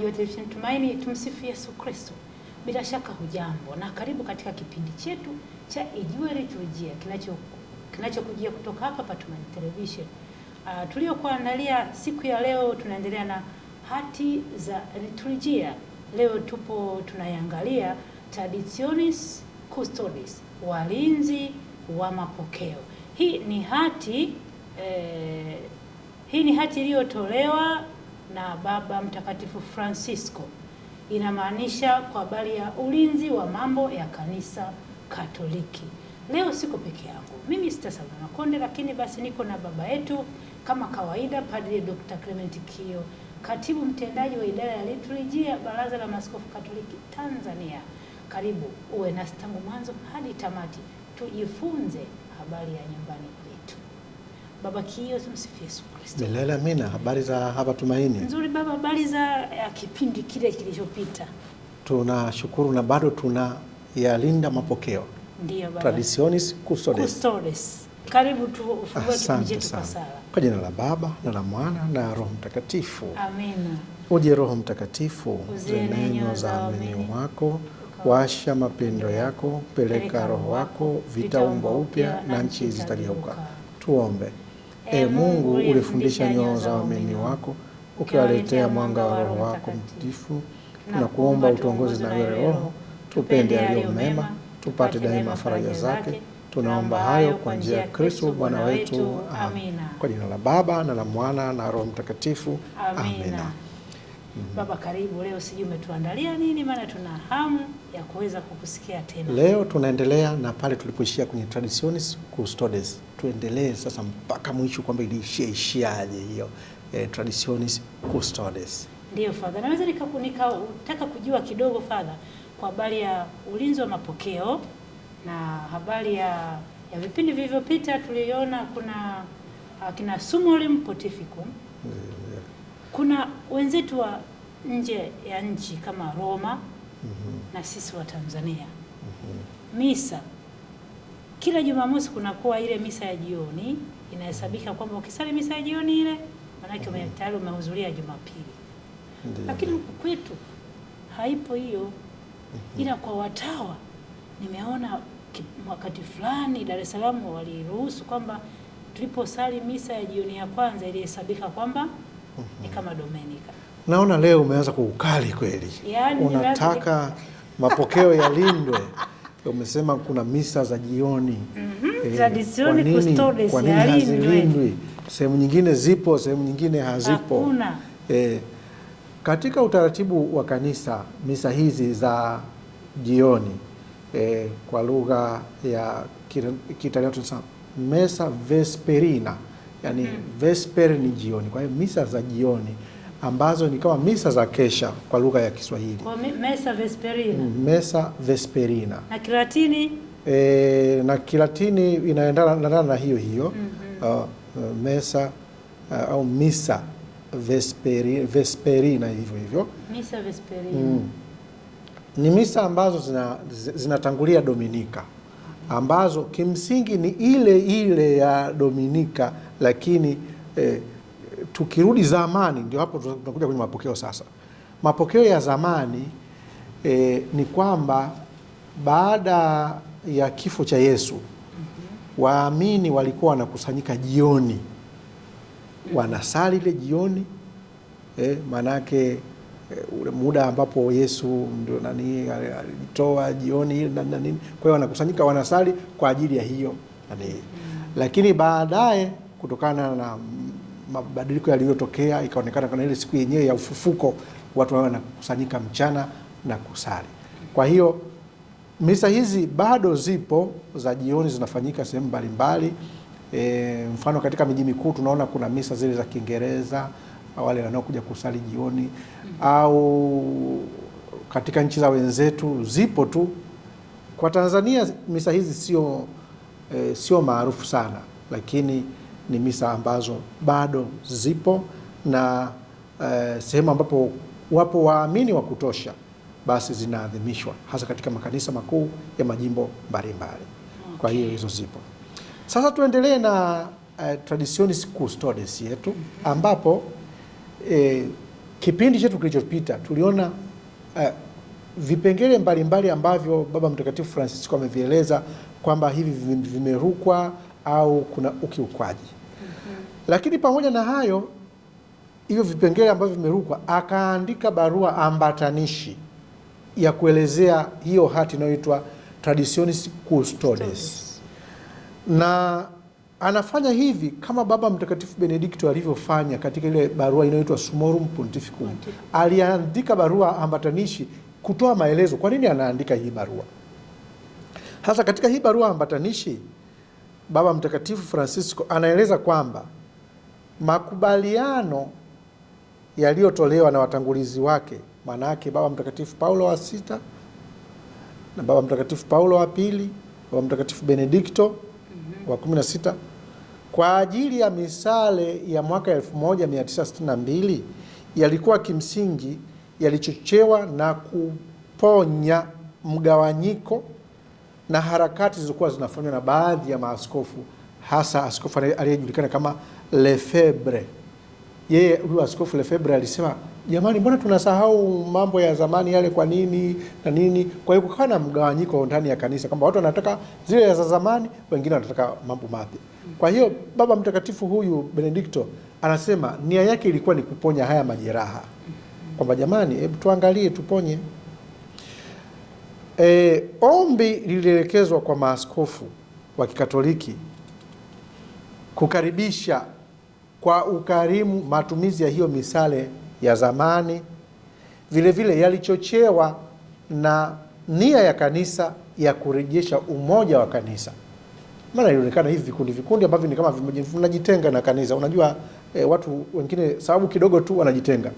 Mtazamaji wa televisheni Tumaini, tumsifu Yesu Kristo. Bila shaka hujambo na karibu katika kipindi chetu cha Ijue Liturujia kinacho kinachokujia kutoka hapa hapa Tumaini Television. Uh, tuliokuandalia siku ya leo, tunaendelea na hati za liturujia. Leo tupo tunaiangalia Traditionis Custodis, walinzi wa mapokeo. Hii ni hati eh, hii ni hati iliyotolewa na Baba Mtakatifu Francisco inamaanisha kwa habari ya ulinzi wa mambo ya kanisa Katoliki. Leo siko peke yangu, mimi Sista Salma Konde, lakini basi niko na baba yetu kama kawaida, Padre Dr. Clement Kio, katibu mtendaji wa idara ya liturujia Baraza la Maaskofu Katoliki Tanzania. Karibu uwe nasi tangu mwanzo hadi tamati, tujifunze habari ya nyumbani Baba Kiyo, tumsifu Yesu Kristo. Milele amina. Habari za hapa Tumaini? Nzuri baba, habari za ya kipindi kile kilichopita. Tunashukuru na bado tuna yalinda mapokeo. Ndiyo baba. Traditionis custodes. Custodes. Karibu tufungue kipindi chetu kwa sala. Kwa jina la Baba na la Mwana na Roho Mtakatifu. Amina. Uje Roho Mtakatifu, zenenyo za amini wako washa mapendo yako, peleka roho wako, vita umbo upya na nchi zitageuka. Tuombe. Ee Mungu ulifundisha nyoyo za waamini wako, ukiwaletea mwanga wa Roho wako Mtakatifu. Tunakuomba utuongoze na wewe Roho, tupende yaliyo mema, tupate daima faraja zake. Tunaomba hayo kwa njia ya Kristo Bwana wetu. Amina. Kwa jina la Baba na la Mwana na Roho Mtakatifu. Amina. -hmm. Baba karibu, leo sijui umetuandalia nini, maana tuna hamu ya kuweza kukusikia tena. Leo tunaendelea na pale tulipoishia kwenye traditiones custodes, tuendelee sasa mpaka mwisho kwamba iliishia ishiaje hiyo eh, traditiones custodes. Ndiyo father, naweza nikataka kujua kidogo father kwa habari ya ulinzi wa mapokeo na habari ya, ya vipindi vilivyopita tuliona kuna akina ah, uh, Summorum Pontificum mm -hmm kuna wenzetu wa nje ya nchi kama Roma mm -hmm. na sisi wa Tanzania mm -hmm. misa kila Jumamosi kunakuwa ile misa ya jioni inahesabika kwamba ukisali misa ya jioni ile manake mm mhm. -hmm. tayari umehudhuria Jumapili Ndiyo. lakini huku kwetu haipo hiyo mm -hmm. ila kwa watawa nimeona wakati fulani Dar es Salaam waliruhusu kwamba tuliposali misa ya jioni ya kwanza ilihesabika kwamba ni mhm. kama Domenica. Naona leo umeanza kwa ukali kweli, yani unataka mapokeo yalindwe. Umesema kuna misa za jioni mm -hmm. E, kwa nini hazilindwi? Sehemu nyingine zipo, sehemu nyingine hazipo. E, katika utaratibu wa kanisa misa hizi za jioni e, kwa lugha ya Kiitaliano tunasema mesa vesperina yani mm -hmm. Vesper ni jioni, kwa hiyo misa za jioni ambazo ni kama misa za kesha kwa lugha ya Kiswahili. Kwa mesa vesperina. Mm, mesa vesperina. Na Kilatini e, na Kilatini inaendana na hiyo hiyo mm -hmm. uh, mesa uh, au misa vesperi, vesperina hivyo hivyo misa vesperina. Mm. Ni misa ambazo zina, zinatangulia Dominika ambazo kimsingi ni ile ile ya Dominika lakini eh, tukirudi zamani, ndio hapo tunakuja kwenye mapokeo sasa. Mapokeo ya zamani eh, ni kwamba baada ya kifo cha Yesu waamini walikuwa wanakusanyika jioni, wanasali ile jioni eh, maanake eh, ule muda ambapo Yesu ndio nani alijitoa jioni ile na nini. Kwa hiyo wanakusanyika wanasali kwa ajili ya hiyo nani, lakini baadaye kutokana na mabadiliko yaliyotokea, ikaonekana kana ile siku yenyewe ya ufufuko watu wao wanakusanyika mchana na kusali. Kwa hiyo misa hizi bado zipo za jioni, zinafanyika sehemu mbalimbali. E, mfano katika miji mikuu tunaona kuna misa zile za Kiingereza wale wanaokuja kusali jioni mm -hmm. au katika nchi za wenzetu zipo tu. Kwa Tanzania misa hizi sio e, sio maarufu sana, lakini ni misa ambazo bado zipo na eh, sehemu ambapo wapo waamini wa kutosha, basi zinaadhimishwa hasa katika makanisa makuu ya majimbo mbalimbali okay. Kwa hiyo hizo zipo. Sasa tuendelee na uh, Traditionis Custodes yetu ambapo eh, kipindi chetu kilichopita tuliona uh, vipengele mbalimbali ambavyo Baba Mtakatifu Francisco amevieleza kwamba hivi vimerukwa au kuna ukiukwaji lakini pamoja na hayo, hivyo vipengele ambavyo vimerukwa, akaandika barua ambatanishi ya kuelezea hiyo hati inayoitwa Traditionis Custodes, na anafanya hivi kama Baba Mtakatifu Benedikto alivyofanya katika ile barua inayoitwa Sumorum Pontificum. Aliandika barua ambatanishi kutoa maelezo kwa nini anaandika hii barua. Hasa katika hii barua ambatanishi Baba Mtakatifu Francisco anaeleza kwamba makubaliano yaliyotolewa na watangulizi wake, maana Baba Mtakatifu Paulo wa sita na Baba Mtakatifu Paulo wa pili, Baba Mtakatifu Benedikto wa 16 kwa ajili ya misale ya mwaka 1962 yalikuwa kimsingi yalichochewa na kuponya mgawanyiko na harakati zilizokuwa zinafanywa na baadhi ya maaskofu, hasa askofu aliyejulikana kama lefebre Yeye huyu askofu Lefebre alisema, jamani, mbona tunasahau mambo ya zamani yale, kwa nini na nini? Kwa hiyo kukawa na mgawanyiko ndani ya kanisa kwamba watu wanataka zile za zamani, wengine wanataka mambo mapya. Kwa hiyo Baba Mtakatifu huyu Benedikto anasema nia yake ilikuwa ni kuponya haya majeraha, kwamba jamani, hebu tuangalie, tuponye E, ombi lilielekezwa kwa maaskofu wa Kikatoliki kukaribisha kwa ukarimu matumizi ya hiyo misale ya zamani. Vilevile yalichochewa na nia ya kanisa ya kurejesha umoja wa kanisa, maana ilionekana hivi vikundi vikundi ambavyo ni kama vinajitenga na kanisa. Unajua e, watu wengine sababu kidogo tu wanajitenga,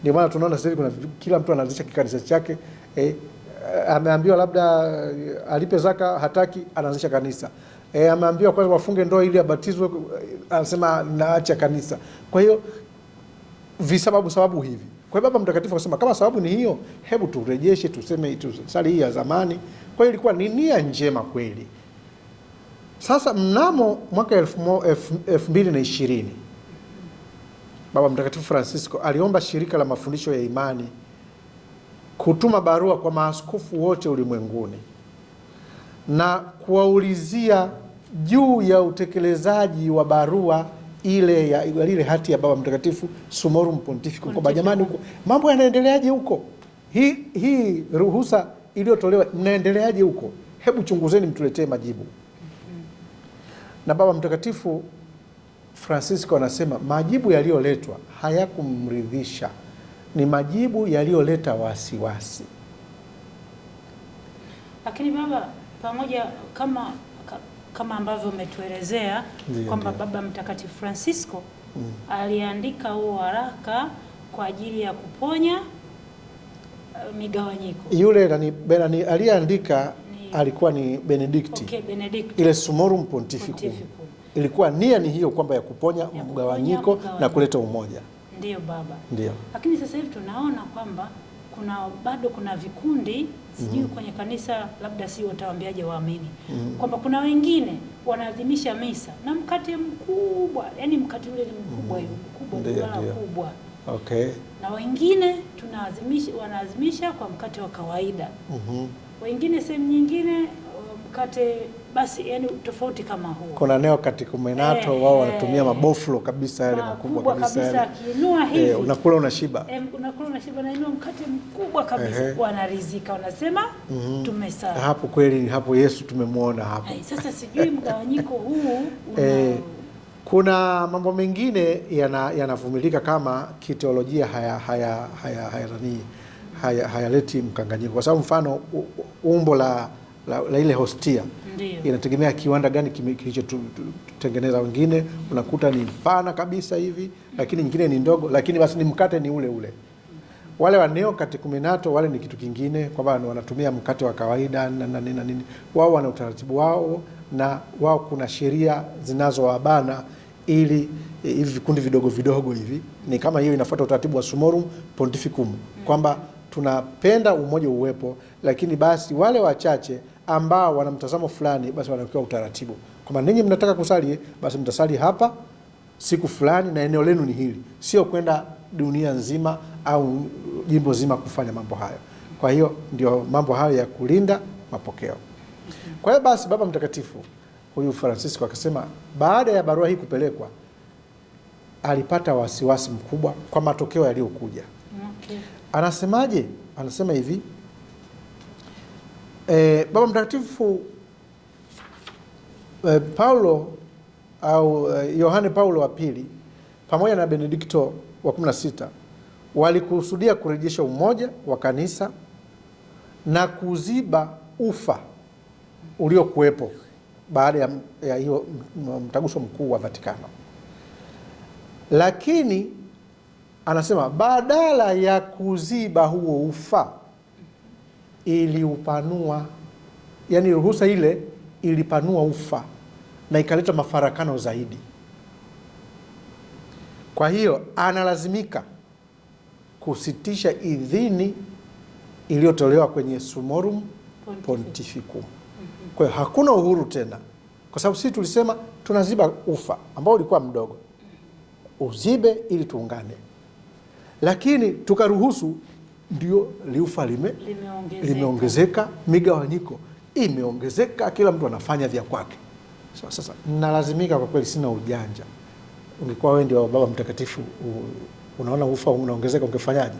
ndio maana tunaona sasa hivi kuna kila mtu anaanzisha kikanisa chake e, Eh, ameambiwa labda eh, alipe zaka, hataki, anaanzisha kanisa. E, ameambiwa kwanza wafunge ndoa ili abatizwe, anasema naacha kanisa. Kwa hiyo visababu sababu hivi. Kwa hiyo Baba Mtakatifu akasema kama sababu ni hiyo, hebu turejeshe, tuseme sali hii ya zamani. Kwa hiyo ilikuwa ni nia njema kweli. Sasa mnamo mwaka elfu mbili na ishirini Baba Mtakatifu Francisco aliomba shirika la mafundisho ya imani kutuma barua kwa maaskofu wote ulimwenguni na kuwaulizia juu ya utekelezaji wa barua ile ya ile hati ya Baba Mtakatifu Summorum Pontificum, kwamba jamani, huko mambo yanaendeleaje huko? Hii hii ruhusa iliyotolewa mnaendeleaje huko? Hebu chunguzeni, mtuletee majibu. mm -hmm. Na Baba Mtakatifu Francisco anasema majibu yaliyoletwa hayakumridhisha ni majibu yaliyoleta wasiwasi. Lakini baba, pamoja kama kama ambavyo umetuelezea kwamba Baba Mtakatifu Francisco mm. aliandika huo waraka kwa ajili ya kuponya eh, migawanyiko. Yule nani, nani aliyeandika alikuwa ni Benedikti. Okay, Benedikti. Ile Sumorum Pontificum. Pontificum. Ilikuwa nia ni hiyo kwamba ya kuponya mgawanyiko na kuleta umoja. Ndiyo baba. Ndiyo. Lakini sasa hivi tunaona kwamba kuna bado kuna vikundi sijui mm -hmm. kwenye kanisa labda si watawaambiaje waamini mm -hmm. kwamba kuna wengine wanaadhimisha misa na mkate mkubwa, yani mkate ule mkubwa mm -hmm. mkubwa kubwa okay. na wengine tunaadhimisha wanaadhimisha kwa mkate wa kawaida mm -hmm. wengine sehemu nyingine mkate basi yani tofauti kama huo. Kuna eneo katika menato e, eh, wao wanatumia e, maboflo kabisa yale makubwa kabisa yale. Akiinua eh, hivi e, unakula unashiba. e, unakula unashiba na inua mkate mkubwa kabisa e, wanarizika wanasema mm -hmm. Tumesaa. Hapo kweli hapo Yesu tumemwona hapo. e, sasa sijui mgawanyiko huu una e, kuna mambo mengine yanavumilika yana kama kiteolojia haya haya haya haya hayaleti haya, haya mkanganyiko kwa sababu mfano umbo la la, la ile hostia Ndiyo. Inategemea kiwanda gani kilichotengeneza. Wengine unakuta ni pana kabisa hivi, lakini nyingine ni ndogo, lakini basi ni mkate ni ule ule. Wale wa kati Kuminato wale ni kitu kingine, kwamba wanatumia mkate wa kawaida na nini na nini. Wao wana utaratibu wao, na wao kuna sheria zinazowabana ili eh, hivi vikundi vidogo vidogo hivi, ni kama hiyo inafuata utaratibu wa Sumorum Pontificum mm. kwamba tunapenda umoja uwepo, lakini basi wale wachache ambao wana mtazamo fulani, basi wanawekewa utaratibu kwamba ninyi mnataka kusali, basi mtasali hapa siku fulani na eneo lenu ni hili, sio kwenda dunia nzima au jimbo zima kufanya mambo hayo. Kwa hiyo ndio mambo hayo ya kulinda mapokeo. Kwa hiyo basi, Baba Mtakatifu huyu Francisco akasema, baada ya barua hii kupelekwa, alipata wasiwasi mkubwa kwa matokeo yaliyokuja. Okay. Anasemaje? Anasema hivi Eh, Baba Mtakatifu eh, Paulo au eh, Yohane Paulo wa pili pamoja na Benedikto wa 16 walikusudia kurejesha umoja wa kanisa na kuziba ufa uliokuwepo baada ya hiyo mtaguso mkuu wa Vatikano, lakini anasema badala ya kuziba huo ufa iliupanua, yani ruhusa ile ilipanua ufa na ikaleta mafarakano zaidi. Kwa hiyo analazimika kusitisha idhini iliyotolewa kwenye Sumorum Pontificum. Mm-hmm. Kwa hiyo hakuna uhuru tena, kwa sababu sisi tulisema tunaziba ufa ambao ulikuwa mdogo, mm-hmm. uzibe ili tuungane, lakini tukaruhusu ndio liufa lime limeongezeka, migawanyiko imeongezeka, kila mtu anafanya vya kwake. So, sasa nalazimika kwa kweli, sina ujanja. Ungekuwa wewe ndio Baba Mtakatifu, unaona ufa unaongezeka, ungefanyaje?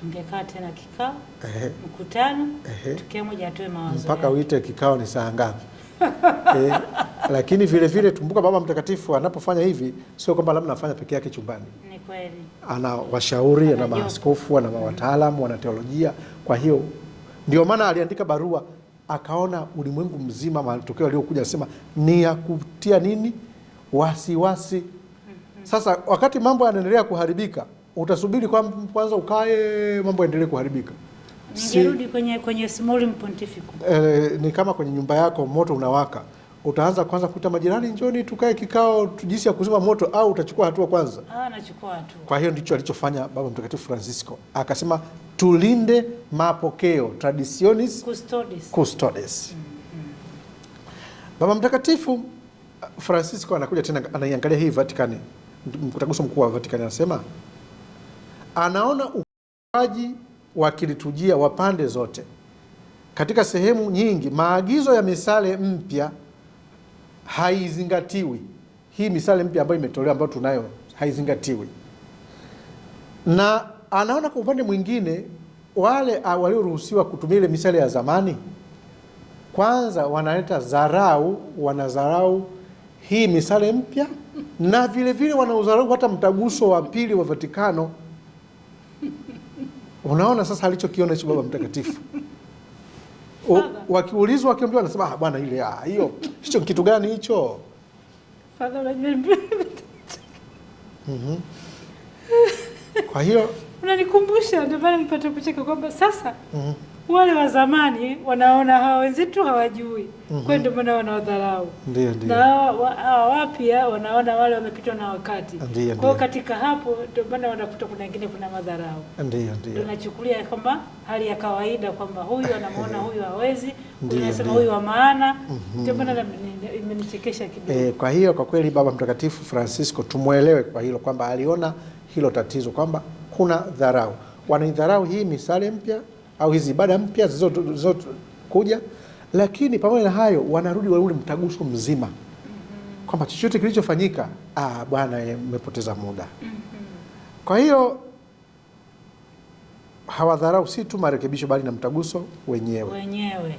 Tungekaa tena kikao, mkutano, tukio moja atoe mawazo mpaka uite kikao. Ni saa ngapi? Eh. Lakini vile vile tumbuka, Baba Mtakatifu anapofanya hivi, sio kwamba labda anafanya peke yake chumbani, ni kweli, ana washauri, ana maaskofu, ana wataalamu, ana teolojia. Kwa hiyo ndio maana aliandika barua, akaona ulimwengu mzima, matokeo aliyokuja sema ni ya kutia nini wasiwasi wasi. Mm-hmm. Sasa wakati mambo yanaendelea kuharibika, utasubiri kwa kwanza ukae mambo yaendelee kuharibika? Si, kwenye, kwenye small Pontificum. Eh, ni kama kwenye nyumba yako moto unawaka utaanza kwanza kuita majirani, njoni tukae kikao jinsi ya kuzima moto, au utachukua hatua kwanza? Ah, nachukua hatua. Kwa hiyo ndicho alichofanya Baba Mtakatifu Francisco, akasema tulinde mapokeo, traditionis custodes, custodes. Mm -hmm. Baba Mtakatifu uh, Francisco anakuja tena, anaiangalia hii Vatikani, mkutaguso mkuu wa Vatikani, anasema anaona ukuaji wa kiliturujia wa pande zote katika sehemu nyingi, maagizo ya misale mpya haizingatiwi. Hii misale mpya ambayo imetolewa ambayo tunayo haizingatiwi, na anaona kwa upande mwingine wale ah, walioruhusiwa kutumia ile misale ya zamani, kwanza wanaleta dharau, wanadharau hii misale mpya na vile vile wanaudharau hata mtaguso wa pili wa Vatikano. Unaona sasa alichokiona hicho Baba Mtakatifu wakiulizwa wakiambiwa, anasema ah, bwana, ile ah, hiyo hicho kitu gani hicho? Mhm. Kwa hiyo unanikumbusha, ndio maana nipate kucheka kwamba sasa mhm wale wa zamani wanaona hawa wenzetu hawajui, mm -hmm. Kwa ndio maana wanawadharau na hawa wapya wanaona wale wamepitwa na wakati. Kwa katika hapo ndio maana wanakuta kuna wengine kuna madharau, ndio tunachukulia kwamba hali ya kawaida kwamba huyu anamuona huyu hawezi, unasema huyu wa maana, mhm. ndio maana imenichekesha kidogo eh. Kwa hiyo kwa kweli Baba Mtakatifu Francisco tumwelewe kwa hilo kwamba aliona hilo tatizo kwamba kuna dharau, wanaidharau hii misale mpya au hizi ibada mpya zilizokuja, lakini pamoja na hayo wanarudi ule mtaguso mzima mm-hmm. kwamba chochote kilichofanyika, ah, bwana mmepoteza muda. Mm-hmm. Kwa hiyo hawadharau si tu marekebisho bali na mtaguso wenyewe wenyewe,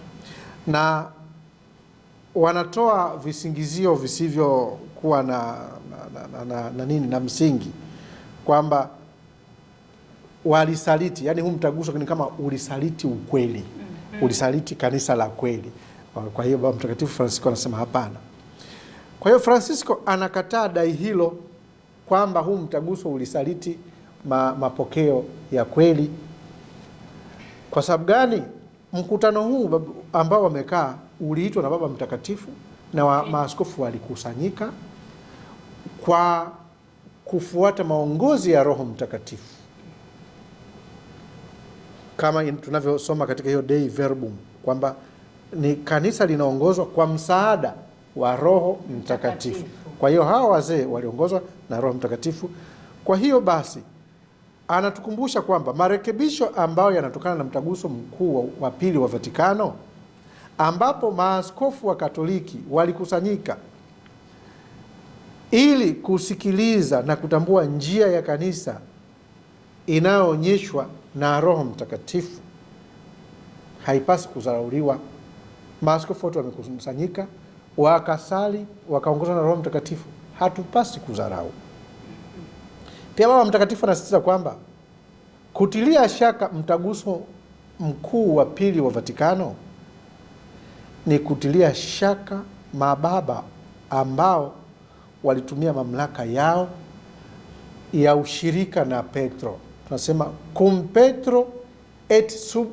na wanatoa visingizio visivyokuwa na, na, na, na, na, na nini na msingi kwamba walisaliti, yani huu mtaguso ni kama ulisaliti ukweli, mhm. ulisaliti kanisa la kweli. Kwa hiyo Baba Mtakatifu Francisco anasema hapana. Kwa hiyo Francisco anakataa dai hilo kwamba huu mtaguso ulisaliti ma, mapokeo ya kweli. Kwa sababu gani? Mkutano huu ambao wamekaa uliitwa na Baba Mtakatifu na wa, maaskofu walikusanyika kwa kufuata maongozi ya Roho Mtakatifu kama tunavyosoma katika hiyo Dei Verbum kwamba ni kanisa linaongozwa kwa msaada wa Roho Mtakatifu. Kwa hiyo hawa wazee waliongozwa na Roho Mtakatifu. Kwa hiyo basi anatukumbusha kwamba marekebisho ambayo yanatokana na mtaguso mkuu wa pili wa Vatikano, ambapo maaskofu wa Katoliki walikusanyika ili kusikiliza na kutambua njia ya kanisa inayoonyeshwa na Roho Mtakatifu haipasi kuzarauliwa. Maaskofu wote wamekusanyika wakasali wakaongozwa na Roho Mtakatifu, hatupasi kuzarau. Pia Baba Mtakatifu anasisitiza kwamba kutilia shaka mtaguso mkuu wa pili wa Vatikano ni kutilia shaka mababa ambao walitumia mamlaka yao ya ushirika na Petro tunasema cum Petro et sub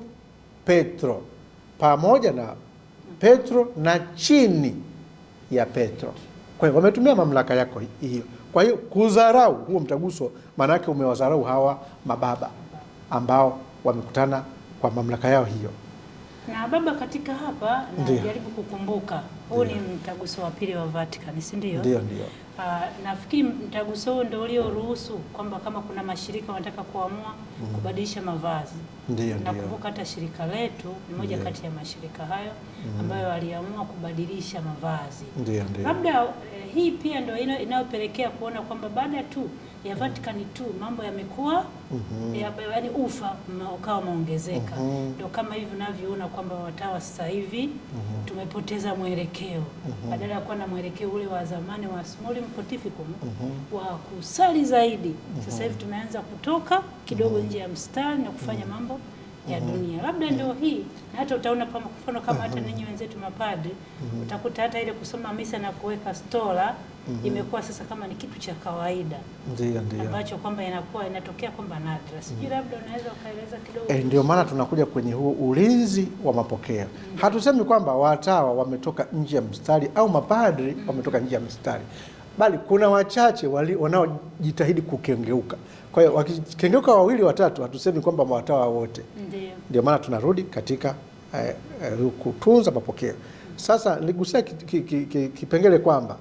Petro, pamoja na Petro na chini ya Petro. Kwa hiyo wametumia mamlaka yako hiyo. Kwa hiyo kudharau huo mtaguso, maana yake umewadharau hawa mababa ambao wamekutana kwa mamlaka yao hiyo. Na baba, katika hapa najaribu kukumbuka, huu ni mtaguso wa pili wa Vatican, si ndio? Ndio, ndio. Uh, nafikiri mtaguso huo ndio ulioruhusu kwamba kama kuna mashirika wanataka kuamua mm. kubadilisha mavazi. Ndiyo, nakumbuka hata shirika letu ni moja kati ya mashirika hayo mm. ambayo waliamua kubadilisha mavazi. Ndiyo, ndiyo. Labda eh, hii pia ndio inayopelekea kuona kwamba baada tu ya Vatican tu mambo yamekuwa mm -hmm. ya, yani ufa ukawa umeongezeka mm -hmm. Ndio kama hivi unavyoona kwamba watawa sasa hivi mm -hmm. tumepoteza mwelekeo mm -hmm. badala ya kuwa na mwelekeo ule wa zamani wa Summorum Pontificum mm -hmm. wa kusali zaidi mm -hmm. sasa mhm. hivi tumeanza kutoka kidogo mm -hmm. nje ya mstari na kufanya mm -hmm. mambo ya mhm. dunia labda ndio mhm. hii na hata utaona kwa mfano kama hata mhm. ninyi wenzetu mapadri utakuta hata ile kusoma misa na kuweka stola imekuwa sasa kama ni kitu cha kawaida ndio ndio ambacho kwamba inakuwa inatokea kwamba nadra sijui labda unaweza ukaeleza kidogo eh, ndio maana tunakuja kwenye huo ulinzi wa mapokeo hatusemi kwamba watawa wametoka nje ya mstari au mapadri wametoka nje ya mstari bali kuna wachache wanaojitahidi kukengeuka. Kwa hiyo wakikengeuka wawili watatu, hatusemi kwamba mawatawa wote. Ndio maana tunarudi katika eh, eh, kutunza mapokeo. Sasa nigusia kipengele ki, ki, ki, kwamba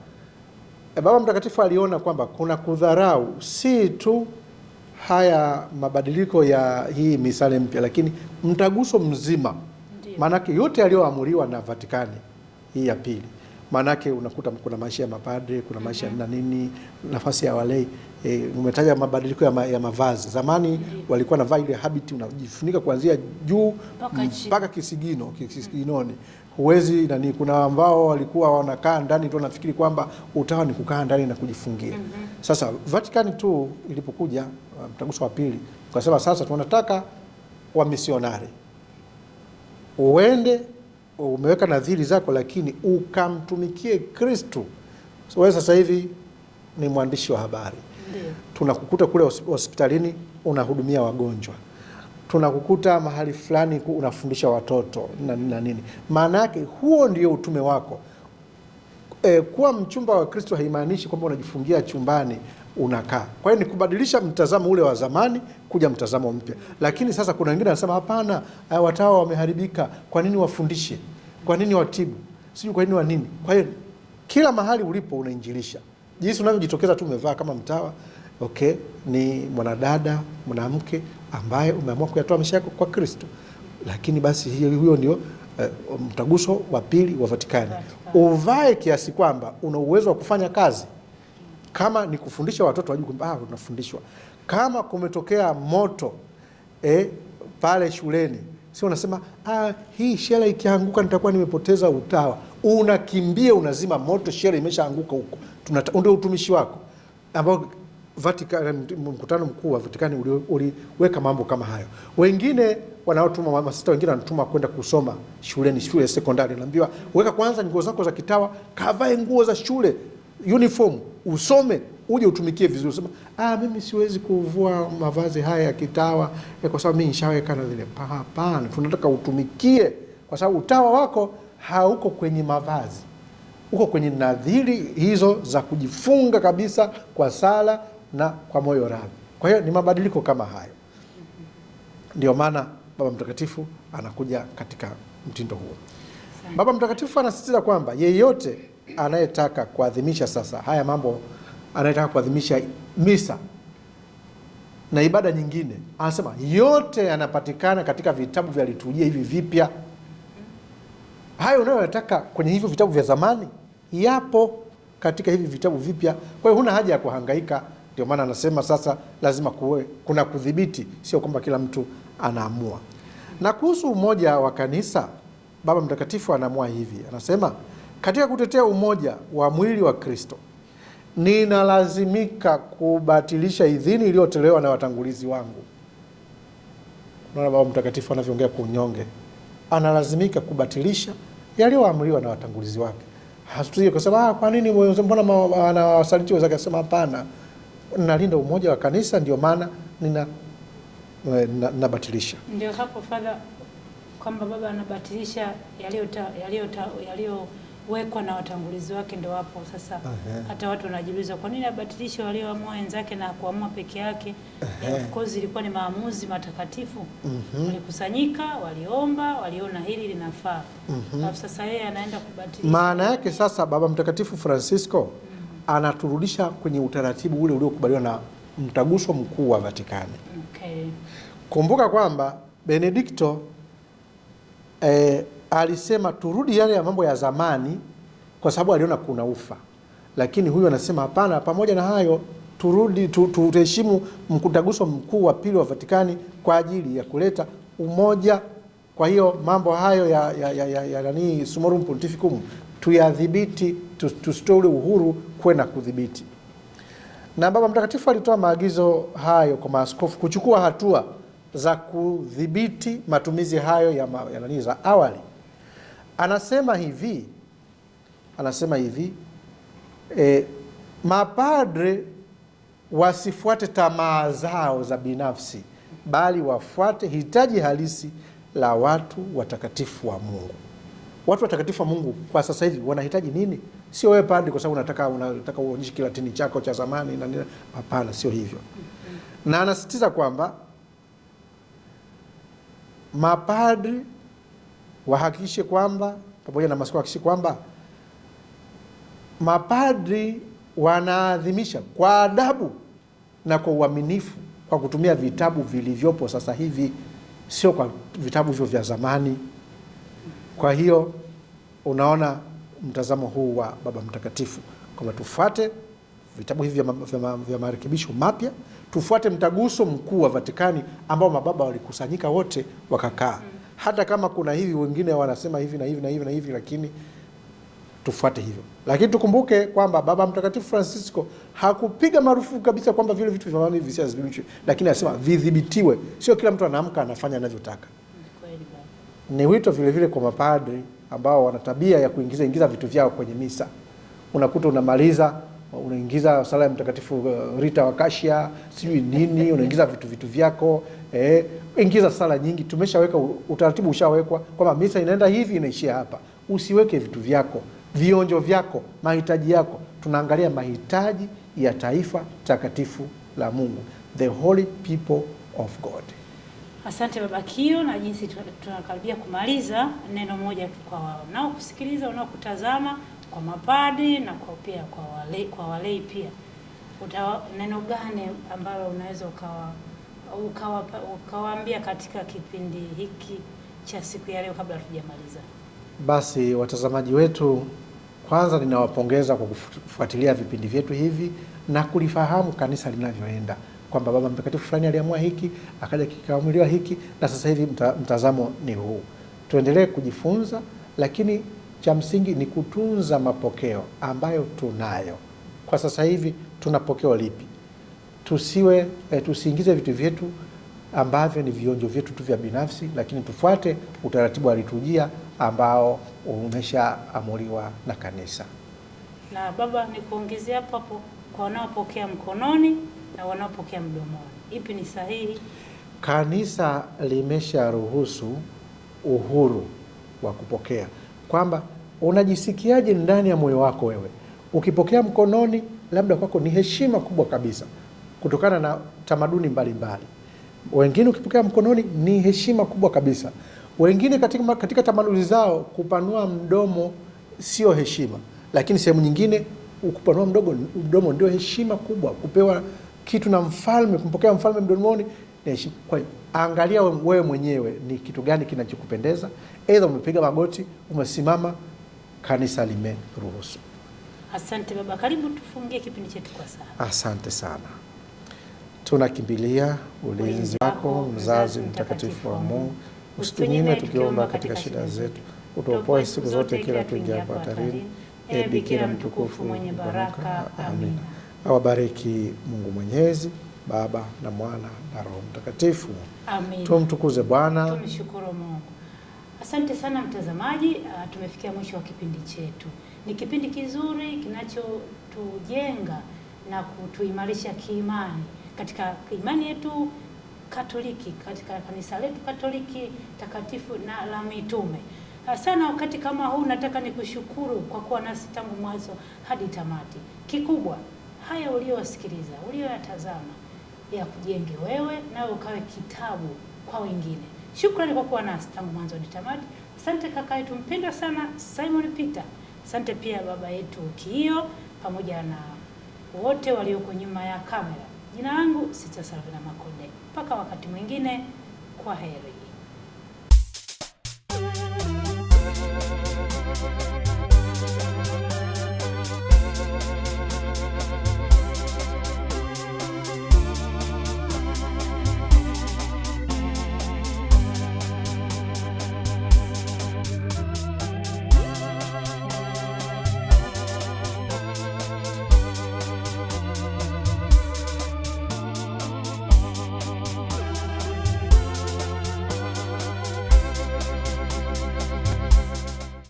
eh, Baba Mtakatifu aliona kwamba kuna kudharau si tu haya mabadiliko ya hii misale mpya, lakini mtaguso mzima, maanake yote yaliyoamuriwa na Vatikani hii ya pili maanake unakuta kuna maisha ya mapadre, kuna maisha na nini, nafasi ya walei e, umetaja mabadiliko ya, ma, ya mavazi. Zamani walikuwa navaa ile habit unajifunika kuanzia juu mpaka kisigino kisiginoni mm -hmm huwezi nani. Kuna ambao walikuwa wanakaa ndani tu, nafikiri kwamba utawa ni kukaa ndani na kujifungia mm -hmm. Sasa Vatican tu ilipokuja um, mtaguso wa pili, ukasema sasa tunataka wamisionari uende umeweka nadhiri zako, lakini ukamtumikie Kristu. So, wewe sasa hivi ni mwandishi wa habari yeah. Tunakukuta kule hospitalini unahudumia wagonjwa, tunakukuta mahali fulani unafundisha watoto na, na nini. Maana yake huo ndio utume wako. E, kuwa mchumba wa Kristo haimaanishi kwamba unajifungia chumbani unakaa. Kwa hiyo ni kubadilisha mtazamo ule wa zamani kuja mtazamo mpya, lakini sasa kuna wengine wanasema hapana, eh, watawa wameharibika, kwa nini wafundishe? Kwa nini watibu? Sijui kwa nini wa nini. Kwa hiyo kila mahali ulipo unainjilisha, jinsi unavyojitokeza tu umevaa kama mtawa okay, ni mwanadada mwanamke ambaye umeamua kuyatoa maisha yako kwa Kristo, lakini basi huyo ndio uh, mtaguso wa pili wa Vatikani, uvae kiasi kwamba una uwezo wa kufanya kazi kama ni kufundisha watoto wajue kwamba ah, unafundishwa. Kama kumetokea moto eh, pale shuleni, si unasema ah, hii shela ikianguka nitakuwa nimepoteza utawa. Unakimbia unazima moto, shela imeshaanguka huko. Ndio utumishi wako ambao Vatican, mkutano mkuu wa Vatikani uliweka mambo kama hayo. Wengine wanaotuma masista wengine wanatuma kwenda kusoma shuleni, shule ya sekondari, naambiwa weka kwanza nguo zako za kitawa, kavae nguo za shule uniform usome uje utumikie vizuri. Sema ah, mimi siwezi kuvua mavazi haya ya kitawa eh, kwa sababu mimi nishaweka na zile. Hapana, tunataka utumikie, kwa sababu utawa wako hauko kwenye mavazi, uko kwenye nadhiri hizo za kujifunga kabisa kwa sala na kwa moyo radhi. Kwa hiyo ni mabadiliko kama hayo, ndio maana Baba Mtakatifu anakuja katika mtindo huo. Baba Mtakatifu anasisitiza kwamba yeyote anayetaka kuadhimisha sasa haya mambo, anayetaka kuadhimisha misa na ibada nyingine, anasema yote yanapatikana katika vitabu vya liturujia hivi vipya. Hayo unayoyataka kwenye hivyo vitabu vya zamani yapo katika hivi vitabu vipya. Kwa hiyo huna haja ya kuhangaika. Ndio maana anasema sasa lazima kuwe kuna kudhibiti, sio kwamba kila mtu anaamua. Na kuhusu umoja wa kanisa, Baba Mtakatifu anaamua hivi, anasema katika kutetea umoja wa mwili wa Kristo, ninalazimika kubatilisha idhini iliyotolewa na watangulizi wangu. Unaona Baba Mtakatifu anavyoongea kwa unyonge, analazimika kubatilisha yaliyoamriwa na watangulizi wake. Hasije kusema ah, kwa nini mbona anawasaliti wenzake? Asema hapana, nalinda umoja wa kanisa, ndio maana nina eh, nabatilisha. Ndio hapo fadha kwamba baba anabatilisha yaliyo yaliyo wekwa na watangulizi wake ndio wapo sasa. Uh-huh. Hata watu wanajiuliza kwa nini abatilishe walioamua wenzake na kuamua peke yake. Uh-huh. Of course ilikuwa ni maamuzi matakatifu. Uh-huh. Walikusanyika, waliomba, waliona hili linafaa. Uh-huh. Sasa yeye anaenda kubatilisha. Maana yake sasa Baba Mtakatifu Francisco uh-huh. anaturudisha kwenye utaratibu ule uliokubaliwa na mtaguso mkuu wa Vatikani. Okay. Kumbuka kwamba Benedikto eh, alisema turudi yale ya mambo ya zamani, kwa sababu aliona kuna ufa. Lakini huyu anasema hapana, pamoja na hayo turudi tuheshimu mkutaguso mkuu wa pili wa Vatikani kwa ajili ya kuleta umoja. Kwa hiyo mambo hayo ya ya, ya, ya, ya nani sumorum Pontificum tuyadhibiti, tusitoe uhuru kwenda kudhibiti. Na Baba Mtakatifu alitoa maagizo hayo kwa maaskofu kuchukua hatua za kudhibiti matumizi hayo ya, ya nani za awali. Anasema hivi, anasema hivi e, mapadre wasifuate tamaa zao za binafsi, bali wafuate hitaji halisi la watu watakatifu wa Mungu. Watu watakatifu wa Mungu kwa sasa hivi wanahitaji nini? Sio wewe padre kwa sababu unataka unataka uonyeshe kilatini chako cha zamani na nini. Hapana, sio hivyo. Na anasisitiza kwamba mapadri wahakikishe kwamba pamoja na maaskofu wahakikishe kwamba mapadri wanaadhimisha kwa adabu na kwa uaminifu kwa kutumia vitabu vilivyopo sasa hivi, sio kwa vitabu hivyo vya zamani. Kwa hiyo unaona mtazamo huu wa Baba Mtakatifu kwamba tufuate vitabu hivi vya marekebisho mapya, tufuate mtaguso mkuu wa Vatikani ambao mababa walikusanyika wote wakakaa hata kama kuna hivi wengine wanasema hivi na hivi na hivi na hivi, lakini tufuate hivyo. Lakini tukumbuke kwamba Baba Mtakatifu Francisco hakupiga marufuku kabisa kwamba vile vitu vifamani visiadhibitiwe, lakini anasema vidhibitiwe. Sio kila mtu anaamka anafanya anavyotaka. Ni wito vile vile kwa mapadri ambao wana tabia ya kuingiza ingiza vitu vyao kwenye misa, unakuta unamaliza unaingiza sala ya Mtakatifu uh, Rita wa Kashia sijui nini, unaingiza vitu vitu vyako eh, ingiza sala nyingi. Tumeshaweka utaratibu, ushawekwa kwamba misa inaenda hivi inaishia hapa. Usiweke vitu vyako, vionjo vyako, mahitaji yako. Tunaangalia mahitaji ya taifa takatifu la Mungu, the holy people of God. Asante Baba Kio, na jinsi tunakaribia kumaliza, neno moja kwa wao nao kusikiliza, unaokutazama kwa mapadi na kwa pia kwa wale, kwa walei pia uta, neno gani ambalo unaweza ukawa ukawaambia ukawa, ukawa katika kipindi hiki cha siku ya leo kabla hatujamaliza? Basi watazamaji wetu, kwanza ninawapongeza kwa kufuatilia vipindi vyetu hivi na kulifahamu kanisa linavyoenda kwamba Baba Mtakatifu fulani aliamua hiki akaja kikaamuliwa hiki na sasa hivi mta, mtazamo ni huu. Tuendelee kujifunza lakini cha msingi ni kutunza mapokeo ambayo tunayo kwa sasa hivi. Tuna pokeo lipi? Tusiwe e, tusiingize vitu vyetu ambavyo ni vionjo vyetu tu vya binafsi, lakini tufuate utaratibu wa liturujia ambao umeshaamuliwa na kanisa. Na baba, ni kuongezea hapo hapo kwa wanaopokea mkononi na wanaopokea mdomoni, ipi ni sahihi? Kanisa ruhusu uhuru wa kupokea kwamba unajisikiaje ndani ya moyo wako wewe ukipokea mkononi, labda kwako ni heshima kubwa kabisa, kutokana na tamaduni mbalimbali mbali. Wengine ukipokea mkononi ni heshima kubwa kabisa, wengine katika, katika tamaduni zao kupanua mdomo sio heshima, lakini sehemu nyingine kupanua mdogo mdomo ndio heshima kubwa. Kupewa kitu na mfalme, kumpokea mfalme mdomoni ni heshima. Kwa hiyo angalia wewe mwenyewe ni kitu gani kinachokupendeza. Aidha umepiga magoti, umesimama, kanisa limeruhusu. Asante baba, karibu tufungie kipindi chetu kwa sala. Asante sana, tunakimbilia ulinzi wako mzazi mtakatifu wa Mungu, usitunyime tukiomba katika shida zetu, utuopoe siku zote kila tuingiapo hatarini, ee, ee Bikira mtukufu mwenye baraka. Amina. Awabariki Mungu Mwenyezi Baba na Mwana na Roho Mtakatifu. Amen. Tumtukuze Bwana. Tumshukuru Mungu. Asante sana mtazamaji, ah, tumefikia mwisho wa kipindi chetu. Ni kipindi kizuri kinachotujenga na kutuimarisha kiimani katika imani yetu Katoliki, katika kanisa letu Katoliki takatifu na la mitume ah, sana. Wakati kama huu, nataka nikushukuru kwa kuwa nasi tangu mwanzo hadi tamati. Kikubwa haya uliyowasikiliza, uliyoyatazama ya kujenge wewe nawe ukawe kitabu kwa wengine. Shukrani kwa kuwa nasi tangu mwanzo hadi tamati. Asante kaka yetu mpendwa sana Simon Peter. Asante pia baba yetu Kiio pamoja na wote walioko nyuma ya kamera. Jina langu Sita Salvina Makonde. Mpaka wakati mwingine, kwa heri.